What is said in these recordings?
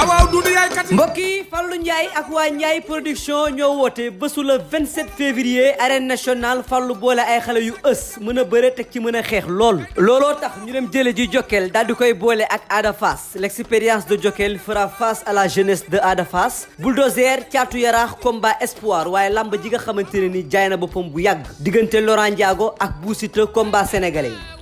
Ah, mbokk yi Fallou Ndiaye ak waa Ndiaye production ñoo woote bésu le 27 février arène nationale Fallou boole ay xale yu ës mën a bëre teg ci mën a xeex lool. looloo tax ñu dem jële ji Jokal daal di koy boole ak Ada Fass l'expérience de Jokal fera face à la jeunesse de Ada Fass bulldozer caatu yaraax combat espoir waaye làmba ji nga xamante ne ni jaay na boppam bu yàgg diggante Laurent Ndiago ak Bou Siteu combat yi.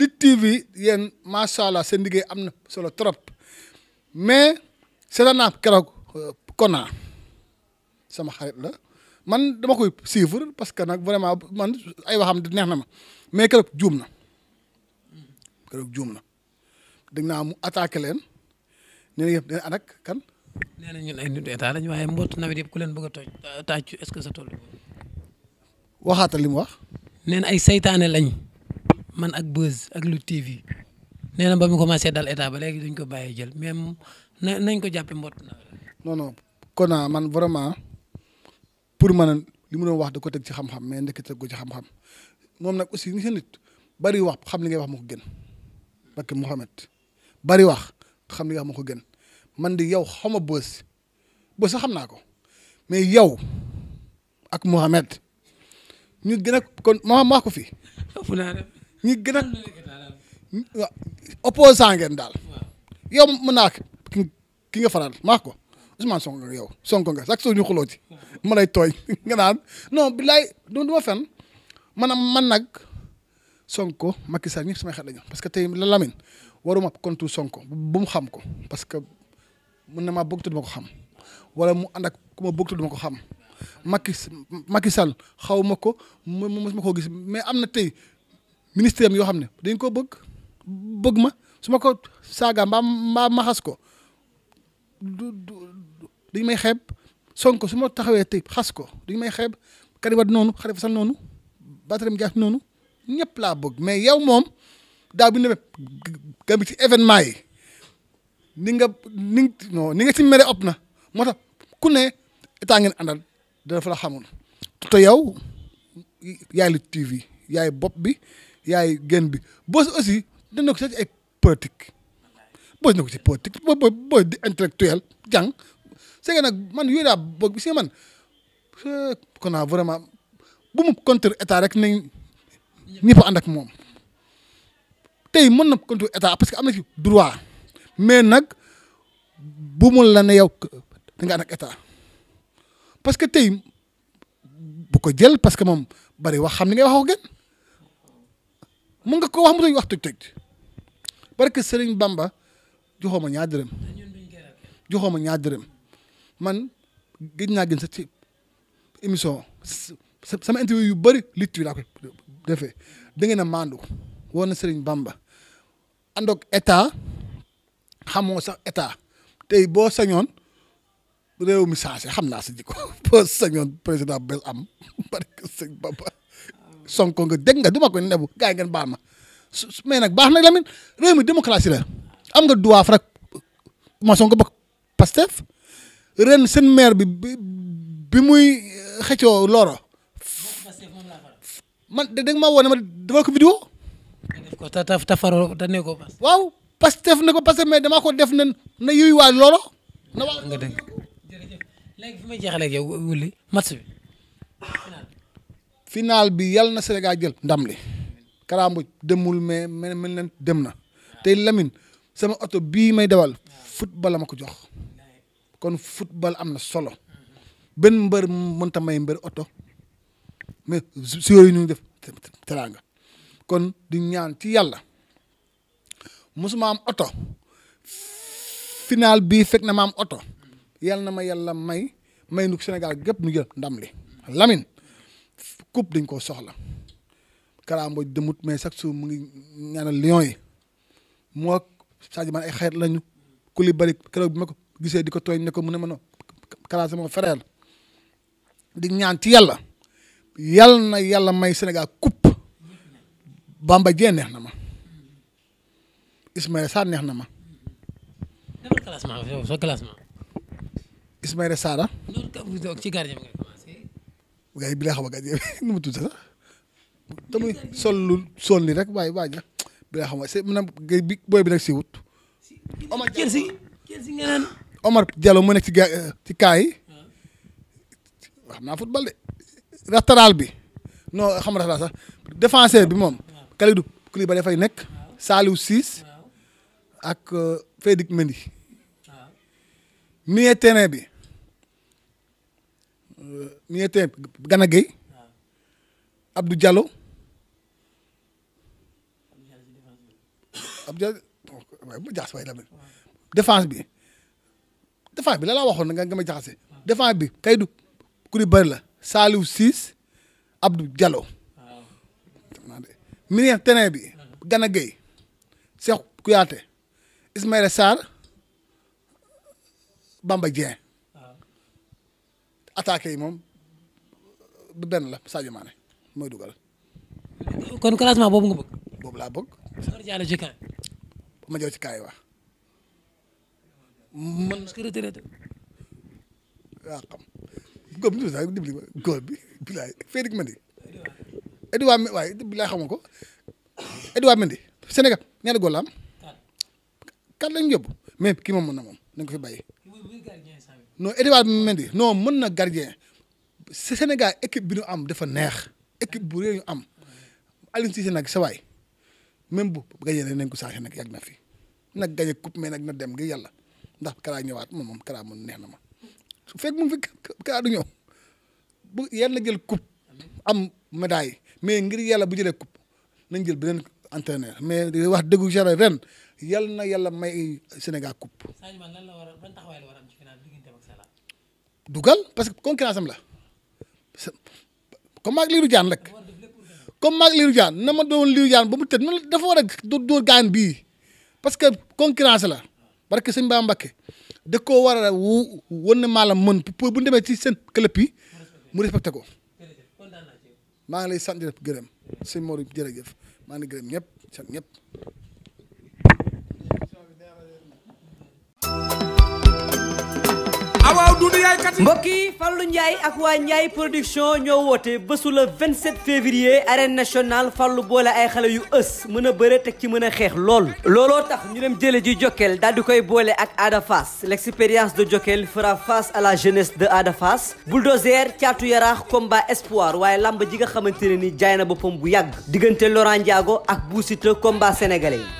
Lutte TV yéen macha allah seen liggéey am na solo trop mais seetaan naa keroog euh, Kona sama xarit la man dama koy suivre parce que nag vraiment man ay waxam neex na ma mais keroog juum na keroog juum na dégg naa mu attaqué leen na yëpp dina ànd ak kan. nee na ñun ay nit état lañ waaye mboot nawet yëpp ku leen bëgg a toj tàccu est-ce que sa tool waxaatal li wax. neen ay seytaane lañ. man ak Buzz ak Lutte TV nee na ba mu commencé dal état ba léegi duñ ko bàyyi jël mee nañ ko jàppee mbott na non non kon man vraiment pour man li mu doon wax da ko teg ci xam-xam mais ndekk teg ko ci xam-xam moom nag aussi ni seen nit bari wax xam li ngay wax mu ko gën bakk Mouhamed bari wax xam li nga wax gën man di yow xam ma Buzz Buzz sax xam naa ko mais yow ak Mouhamed ñu gën a kon ma wax ko fi ñi gën a waaw opposant ngeen daal yow mën naa ki nga faral maax ko Ousmane Sonko nga yow Sonko nga sax soo ñu xuloo ci ma lay tooñ nga naan non bilaay du ma fen man nag Sonko Macky Sall ñëpp samay xel parce que tey la Lamine waruma kontu Sonko bu mu xam ko parce que mun na maa bëgg te duma ko xam wala mu ànd ak ku ma duma ko xam Macky Macky Sall xaw ma ko mu mos ma koo gis mais am na tey ministère am yoo xam ne dañ ko bëgg bëgg ma su ma ko saaga mbaa mbaa maxas ko du du dañ may xeeb Sonko su ma taxawee te xas ko dañ may xeeb Karim Wade noonu Khalifa Sall noonu mi Dias noonu ñëpp laa bëgg mais yow moom daa bi ñu demee ci événement yi ni nga ni non ni nga ci mere ëpp na moo tax ku ne état ngeen àndal dana fala la xamoon te yow yaay lu TV yaay bopp bi. yaay gën bi boos aussi dana ko ci ay politique boos na ko ci politique bo boos di intellectuel jàng c'est que nag man yooyu daa boog bi si man kon naa vraiment bu mu contre état rek nañ ñëpp ànd ak moom tey mën na contre état parce que am na ci droit mais nag bu mu la ne yow da nga ànd état parce que tey bu ko jël parce que moom bari wax xam ni ngay wax ko gën mën nga ko wax mu tëj wax tëj tëj parce que Serigne Bamba joxoo ma ñaar dërëm joxoo ma ñaar dërëm man gëj naa gën sa ci émission sama interview yu bëri lutte bi laa ko defee da ngeen a maandu woon na Bamba àndoog état xamoo sax état tey boo sañoon réew mi saase xam naa sa jikko boo sañoon président bel am parce que Serigne Bamba sonko nga dégg nga duma ko nebu gars yi ngeen baal ma mais nag baax na Lamine réew mi démocratie la am nga droit rek ma sonko bëgg Pastef ren seen maire bi bi muy xëccoo looro man de dégg nga ma woo ne ma defal ko vidéo ko ta ta tafaroo ta ne ko waaw Pastef ne ko Pastef mais damaa ko def na na yuy waa looro na waa nga dégg jërëjëf finaal bi yàlla na Sénégal jël ndam li Karambu demul mais mel na dem na tey lamin sama oto bii may dawal football la ma ko jox kon futbal am na solo benn mbër mënta may mbër oto mais si yooyu ñu def teraanga kon di ñaan ci yàlla mosuma am oto final bii fekk na ma am oto yàlla na ma yàlla may may nu Sénégal gépp nu jël ndam li Lamine kup dañ koo soxla Karaambo demut mais chaque jour mu ngi ñaanal Lions yi moo Sadio Mané ay xarit lañu Koulibaly keroog bi ma ko gisee di ko tooñ ne ko mu ne ma no Kara sama frère di ñaan ci yàlla yàlla na yàlla may Sénégal coupe Bamba Dieng neex na ma Ismaïla Sarr neex na ma. classement yow sa gars yi xam a gars yi nu mu tudd sax tamit sol lu sol bi xam a c'est maanaam bi booy bi nag si wut. Omar Chelsea mu nekk ci gaa ci naa football de latéral bi non xam nga sax défenseur bi moom. Kalidou Koulibaly dafay nekk. Saliou Ciss. ak euh, Freddy Mendy. milieu terrain bi. Euh, milieu terrain Gana Gueye ah. Abdou Diallo Abdou Diallo waaye bu jaas waay la défense bi défense bi la laa waxoon nga ma jaxase ah. défense bi kay du kuri bëri la Saliou Ciss Abdou Diallo ah. milieu terrain bi Gana Gueye Cheikh Kouyaté Ismaïla Sarr Bamba Dieng attaqué yi moom benn la Sadio Mané mooy dugal. kon classement boobu nga bëgg. boobu laa bëgg. Omar Diallo ci kaay. ma jox ci kaay wax. man est-ce que retraité. waaw xam góob bi sax déglu ma góob bi bilaay Ferdinand Mendy. Edouard Mendy moom mën na moom nañ ko fi noo non Edouard Mendy non mën na gardien senegal équipe bi ñu am dafa neex équipe bu réew ñu am Aliou Cissé nag sa waay même bu gagné nañ ko saa si nag na fi nag gagné coupe mais nag na dem ngir yàlla ndax Kara ñëwaat moom moom Kara moom neex na ma su fekk mu ngi fi Kara du ñëw bu yàlla jël coupe am médaille mais ngir yàlla bu jëlee coupe nañ jël beneen. entraîneur mais di wax dëggu gérer ren yal na yàlla may Sénégal coupe. dugal parce que concurrence am la comme maag Lirou Diane rek comme maag Lirou Diane na ma doon Lirou Diane ba mu tëdd noonu dafa war a dóor gaan bii parce que concurrence la parce que sëñ Ba Mbakke da war a wu wan maalam mën pour bu demee ci seen club yi mu respecté ko maa ngi lay sant di gërëm sëñ Modou jërëjëf. maa ngi gërëm ñëpp sant mbokk yi Fallou Ndiaye ak waa Ndiaye production ñoo woote bésu le 27 février arène nationale Fallou boole ay xale yu ës mën a bëre teg ci mën a xeex lool. looloo tax ñu dem jële ji Jokal daal di koy boole ak Ada Fass l' expérience de Jokal fera face à la jeunesse de Ada Fass bulldozer caatu yaraax combat espoir waaye làmba ji nga xamante ne ni jaay na boppam bu yàgg diggante Laurent Ndiago ak Bou Siteu combat sénégalais yi.